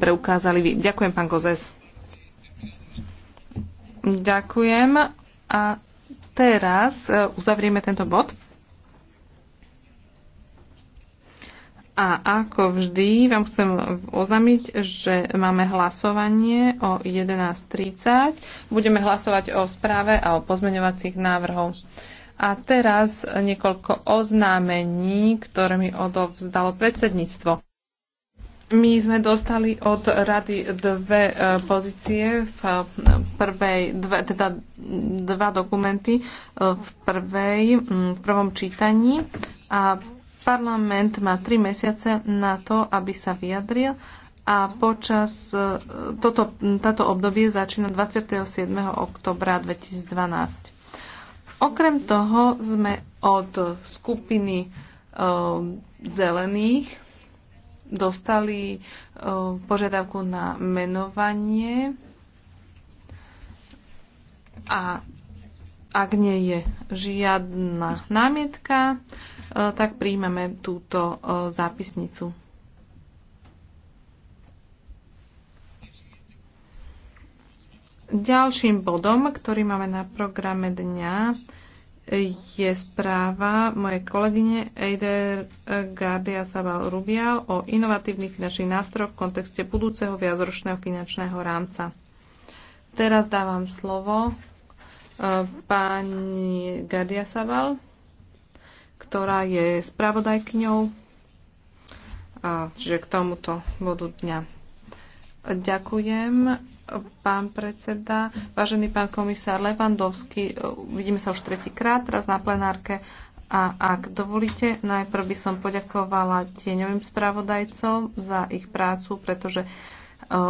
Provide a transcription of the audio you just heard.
preukázali vy. Ďakujem, pán Kozes. Ďakujem. A teraz e, uzavrieme tento bod. A ako vždy vám chcem oznámiť, že máme hlasovanie o 11.30. Budeme hlasovať o správe a o pozmeňovacích návrhov. A teraz niekoľko oznámení, ktoré mi odovzdalo predsedníctvo. My sme dostali od rady dve e, pozície v e, prvej, dve, teda dva dokumenty e, v, prvej, v prvom čítaní a parlament má tri mesiace na to, aby sa vyjadril a počas toto, táto obdobie začína 27. oktobra 2012. Okrem toho sme od skupiny zelených dostali e, požiadavku na menovanie a ak nie je žiadna námietka, e, tak príjmeme túto e, zápisnicu. Ďalším bodom, ktorý máme na programe dňa, je správa mojej kolegyne Eider Gardia Saval Rubial o inovatívnych finančných nástrojoch v kontexte budúceho viacročného finančného rámca. Teraz dávam slovo e, pani Gardia Saval, ktorá je spravodajkňou čiže k tomuto bodu dňa. Ďakujem, pán predseda. Vážený pán komisár Levandovský, vidíme sa už tretíkrát, teraz na plenárke. A ak dovolíte, najprv by som poďakovala tieňovým spravodajcom za ich prácu, pretože